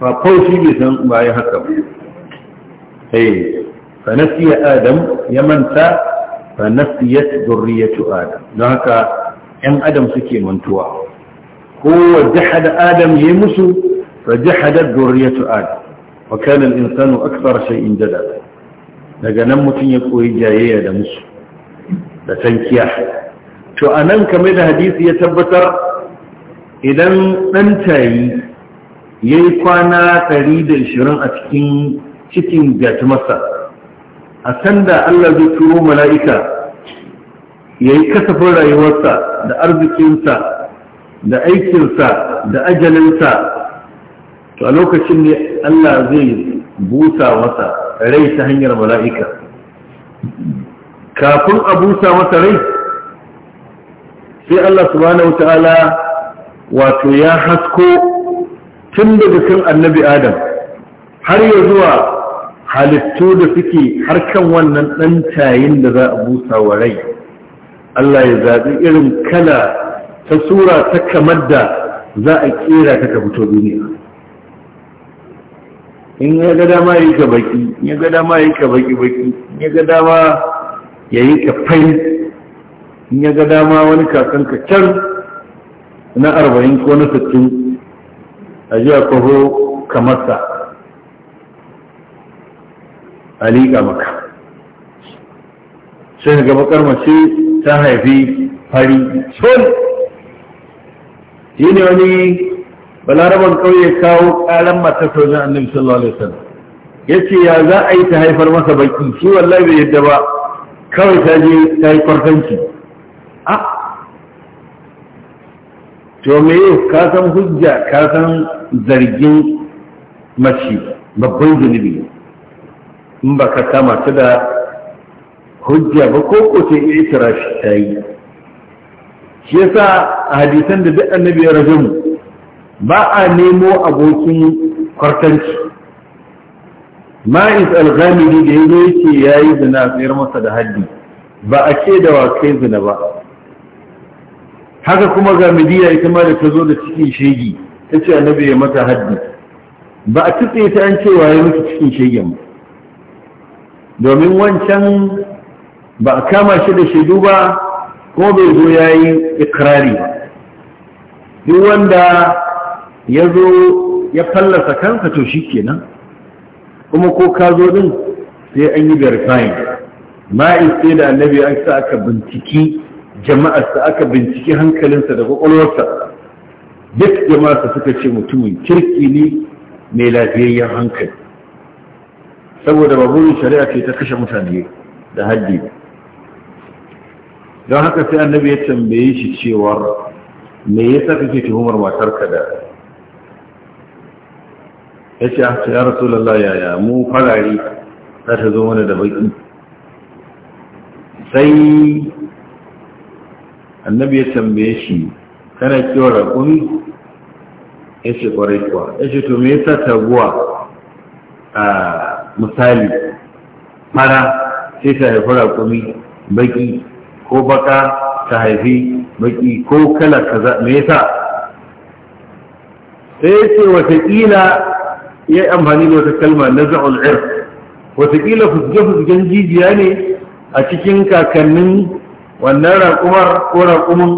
ba faushi san ba ya haka ba fa adam ya manta fa nasiyat zurriyatu adam don haka 'yan adam suke mantuwa kowa da adam ya yi musu فجحدت ذرية آدم وكان الإنسان أكثر شيء جدلا daga nan mutum ya koyi jayayya da musu da tankiya to a nan kamar da hadisi ya tabbatar idan ɗantayi tayi ya yi kwana 120 a cikin cikin gatumarsa a sanda Allah zai turo mala'ika ya yi kasafin rayuwarsa da arzikinsa da aikinsa da ajalinsa to a lokacin ne Allah zai busa masa rai ta hanyar mala'ika kafin a busa masa rai sai Allah subhanahu ta'ala wato ya hasko tun daga kan annabi adam har ya zuwa halittu da suke harkan wannan ɗantayin tayin da za a busa wa rai Allah ya zaɓi irin kala ta sura ta kamar da za a ƙera ta fito duniya in ya ga dama ya yi ka baki in ya ga dama ya yi ka baki baki in ya ga dama ya yi ka fai in ya ga dama wani kakan ka can na arba'in ko na sittin a jiya kwaho sa a liƙa maka sai ga bakar mace ta haifi fari sol shi ne wani balaraban ƙauye kawo ƙaran matar sojan annabi sallallahu alaihi wasallam ya ce ya za a yi ta haifar masa baki shi wallahi bai yadda ba kawai ta je ta yi kwartanci a ah! to me ka san hujja ka san zargin mace babban zunubi in ba ka kama ta da hujja ba ko ko ta iya shi ta yi shi yasa a hadisan da duk annabi ya rajamu ba a nemo abokin kwartanci ma'is al da da zo yake yi zina tsayar masa da haddi ba a ce da wa zina ba haka kuma gamidiya ita ma da ta zo da cikin shegi ta ce annabi ya mata haddi ba a tutse ta an cewa ya mutu cikin shegen domin wancan ba a kama shi da shaidu ba ko bai zo ya yi ikirari ba duk wanda ya zo ya fallasa kansa to shi kenan kuma ko ka zo din sai an yi verifying ma'i sai da annabi an sa aka binciki jama'arsa aka binciki hankalinsa da kwakwalwarsa duk jama'arsa suka ce mutumin kirki ne mai lafiyayyen hankali saboda baburin shari'a ce ta kashe mutane da haddi don haka sai annabi ya tambaye shi cewar me yasa kake tuhumar matarka da ya ce a ah, ya rasulallah yaya mu farari za ta zo mana da baki sai annabi ya tambaye shi kana kiwa raƙumi ya ce ƙwarai kuwa ya ce to me yasa taguwa a misali fara sai ta haifi raƙumi baki ko baka ta haifi baki ko kala kaza me yasa sai ya ce watakila ya yi amfani da wata kalma na za'ul ir watakila fuske-fusken jijiya ne a cikin kakannin wannan raƙumar ko raƙumin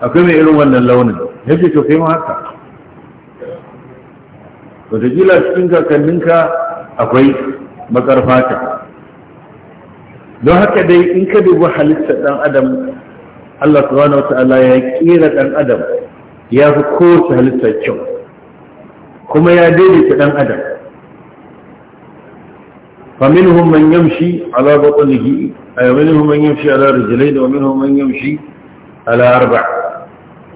akwai mai irin wannan launin ya ce to kai ma haka wataƙila cikin kakanninka akwai bakar fata don haka dai in ka dubi halittar ɗan adam Allah subhanahu wa ta'ala ya kera ɗan adam ya fi kowace halitta kyau kuma ya daidaita dan adam فمنهم من يمشي على بطنه أي منهم من يمشي على رجلين ومنهم من يمشي على أربع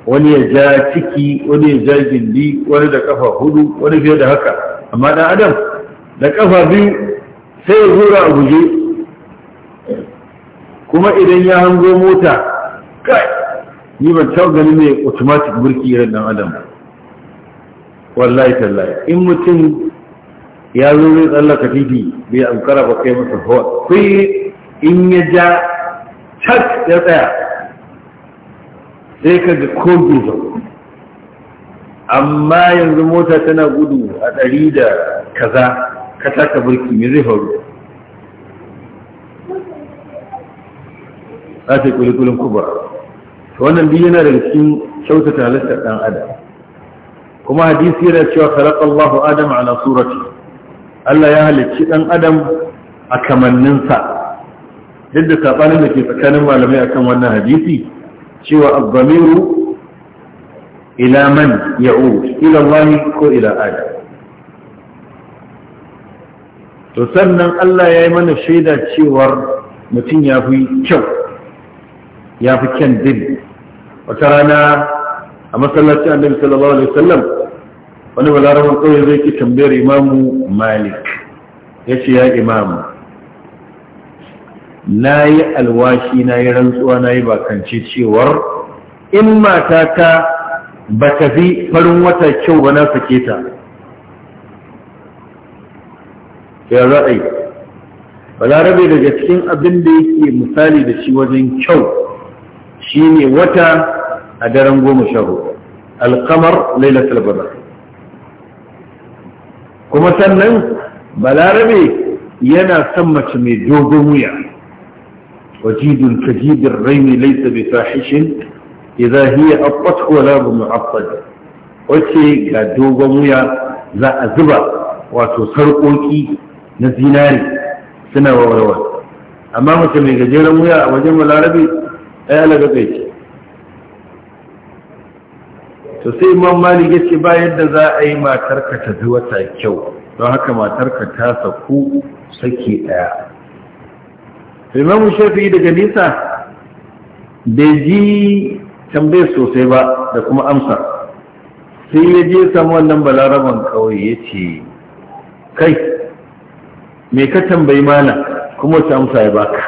wani ya ja ciki wani ya ja gindi wani da kafa hudu wani fiye da haka amma dan adam da kafa biyu sai ya zura a guje kuma idan ya hango mota kai ni ban taɓa ganin mai automatic burki irin dan adam wallahi tallahi in mutum ya zo zai tsallaka titi bai ankara ba kai masa hawa sai in ya ja cak ya tsaya sai ka ga kogin zau amma yanzu mota tana gudu a ɗari da kaza ka taka birki mai zai faru za ta yi kulikulin kuba wannan biyu yana da cikin kyautata halittar ɗan adam kuma hadisi da cewa allahu adam a surati Allah ya halicci ɗan adam a kamanninsa duk da sabanin da ke tsakanin malamai akan wannan hadisi cewa abdamiru ila man ya'ud ko ila to sannan Allah ya yi mana shaida cewar mutum ya fi kyau ya fi kyan din wata rana a masallacin annabi sallallahu alaihi wasallam wani balaraban ƙauye zai ki tambayar imamu malik ya ce ya imamu na yi alwashi na yi rantsuwa na yi bakanci cewar in matata ba ta fi farin wata kyau ba na sake ta ya ra'ayi balarabe daga cikin abin da yake misali da shi wajen kyau shi ne wata a daren goma sha hudu alkamar lailatul badr kuma sannan balarabe yana son mace mai dogon wuya wajidun kajidin raini laisa bi fahishin idza hiya aqat wala labu mu'affad wace ga dogon wuya za a zuba wato sarƙoƙi na zinari suna wawarwa amma mace mai gajeren wuya a wajen balarabe ɗaya alaga kai to sai imam malik ya ba yadda za a yi matarka ta bi wata kyau don haka matarka ta saku saki ɗaya imam shafi daga nisa bai ji tambayar sosai ba da kuma amsa sai ya je samu wannan balaraban kawai ya ce kai me ka tambayi mana kuma wata amsa ya baka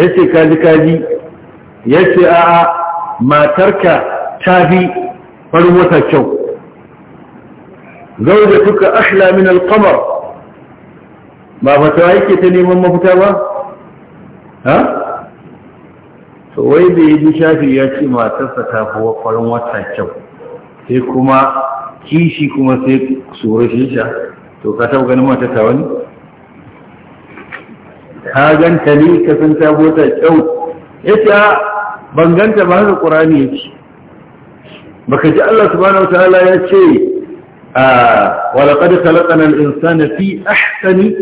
ya ce kaji kaji ya ce a'a matarka ta fi farin wata kyau zaujatuka ahla min alqamar ba fatawa yake ta neman mafita ba ha to wai da yaji shafi ya ce matarsa ta fi farin wata kyau sai kuma kishi kuma sai sura shisha to ka taɓa ganin mata ta wani ka ganta ne ka san ta bota kyau ya banganta ba haka ƙur'ani yake baka ji Allah subhanahu wataala ya ce wa laqad khalaqna al-insana fi ahsani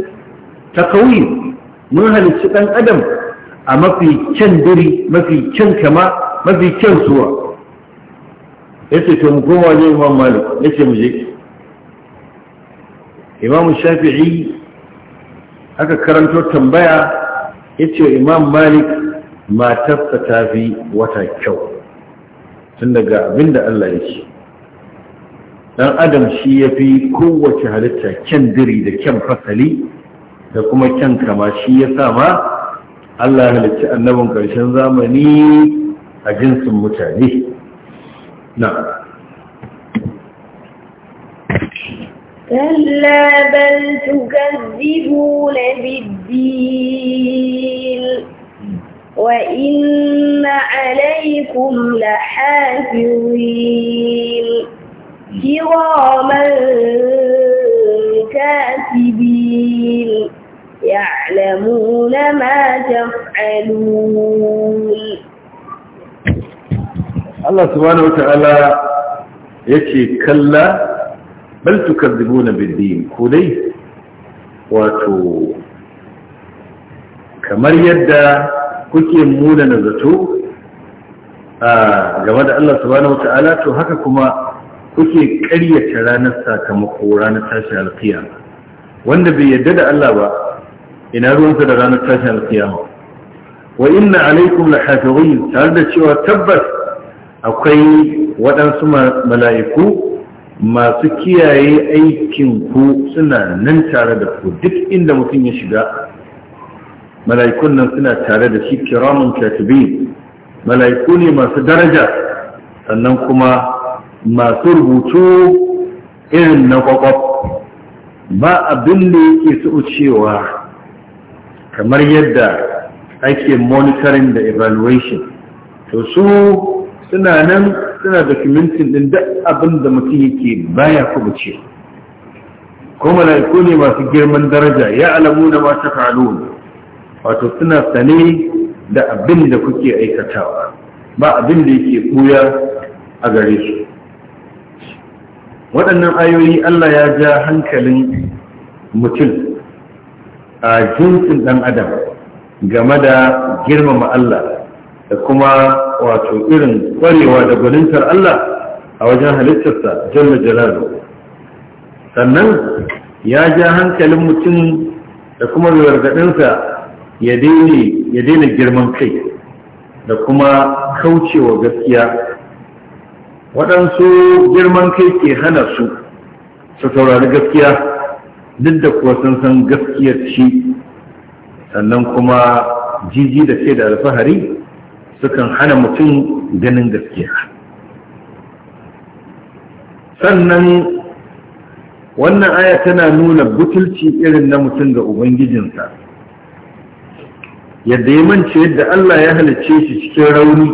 taqwim mun halicci dan adam a mafi kyan dare, mafi kyan kama mafi kyan suwa yace to mu koma wajen Imam Malik yace mu je Imam Shafi'i aka karanto tambaya yace Imam Malik matarsa ta fi wata kyau tun daga abin da Allah ya ce dan adam shi ya fi kowace halitta kyan diri da kyan fasali da kuma kyan kama shi ya sa ma Allah halitta annabin ƙarshen zamani a jinsin mutane na كلا بل تكذبون بالدين وإن عليكم لحافظين كراما كاتبين يعلمون ما تفعلون الله سبحانه وتعالى يكي كلا بل تكذبون بالدين كلي واتو كمر يدّا kuke muna na zato game da Allah subhanahu wata'ala to haka kuma kuke karyata ranar sakamako ranar tashin alkiyama wanda bai yadda da Allah ba ina ruwansa da ranar tashin alkiyama wa inna alaikum la hafizin tare da cewa tabbas akwai waɗansu mala'iku masu kiyaye aikin ku suna nan tare da ku duk inda mutum ya shiga mala'ikun nan suna tare da shi kiramun katibi mala'iku ne masu daraja sannan kuma masu rubutu irin na kwakwaf ba abin da yake su cewa kamar yadda ake monitoring da evaluation to su suna nan suna documenting din duk abin da mutum yake baya kuma ce kuma mala'iku ne masu girman daraja ya alamuna ma ta faru wato suna sane da abin da kuke aikatawa ba abin da yake ɓuya a gare su waɗannan ayoyi Allah ya ja hankalin mutum a jinsin ɗan adam game da girmama Allah da kuma wato irin ƙwarewa da gwanintar Allah a wajen halittarsa jalla jalalu sannan ya ja hankalin mutum da kuma gargaɗinsa ya daina girman kai da kuma kaucewa gaskiya waɗansu girman kai ke hana su su saurari gaskiya duk da kuwa sun san gaskiyar shi sannan kuma jiji da sai da alfahari sukan hana mutum ganin gaskiya sannan wannan aya tana nuna butulci irin na mutum ga ubangijinsa yadda ya mance yadda Allah ya halicce shi cikin rauni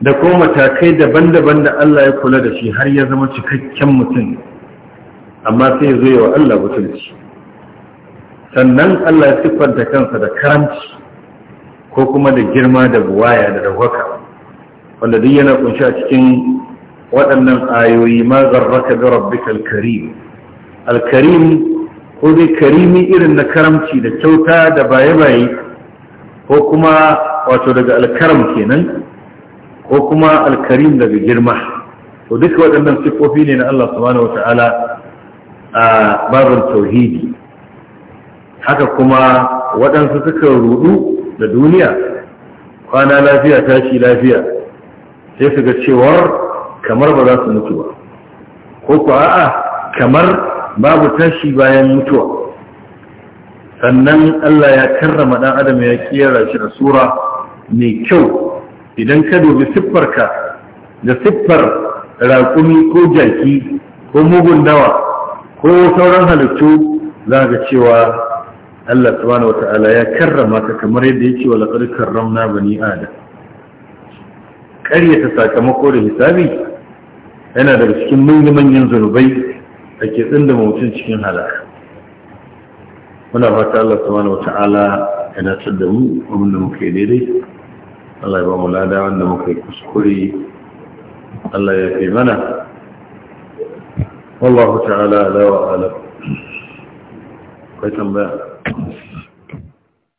da kuma matakai daban-daban da Allah ya kula da shi har ya zama cikakken mutum amma sai zo wa Allah butulci sannan Allah ya siffanta kansa da karamci ko kuma da girma da buwaya da dawaka wanda duk yana kunshi a cikin waɗannan ayoyi ma zarraka ga rabbika al-karim ko dai karimi irin na karamci da kyauta da baye-baye ko kuma wato daga alkaram kenan ko kuma alkarim daga girma to duka waɗannan siffofi ne na Allah subhanahu wata'ala a babin tauhidi haka kuma waɗansu suka rudu da duniya kwana lafiya tashi lafiya sai su ga cewar kamar ba za su mutu ba ko ku a'a kamar babu tashi bayan mutuwa sannan Allah ya karrama ɗan adam ya kiyara shi da sura mai kyau idan ka dubi siffarka da siffar raƙumi ko jaki ko mugun dawa ko sauran halittu za ga cewa Allah subhanahu wata'ala ya karrama ka kamar yadda yake wa laqad karramna bani adam ƙaryata sakamako da hisabi yana daga cikin manyan manyan zunubai da ke tsinda mutum cikin halaka muna fata Allah subhanahu wata'ala ya dace da mu abin da muke daidai Allah ya ba mu lada wanda muka yi kuskure Allah ya fi mana wallahu ta'ala ala wa kai tambaya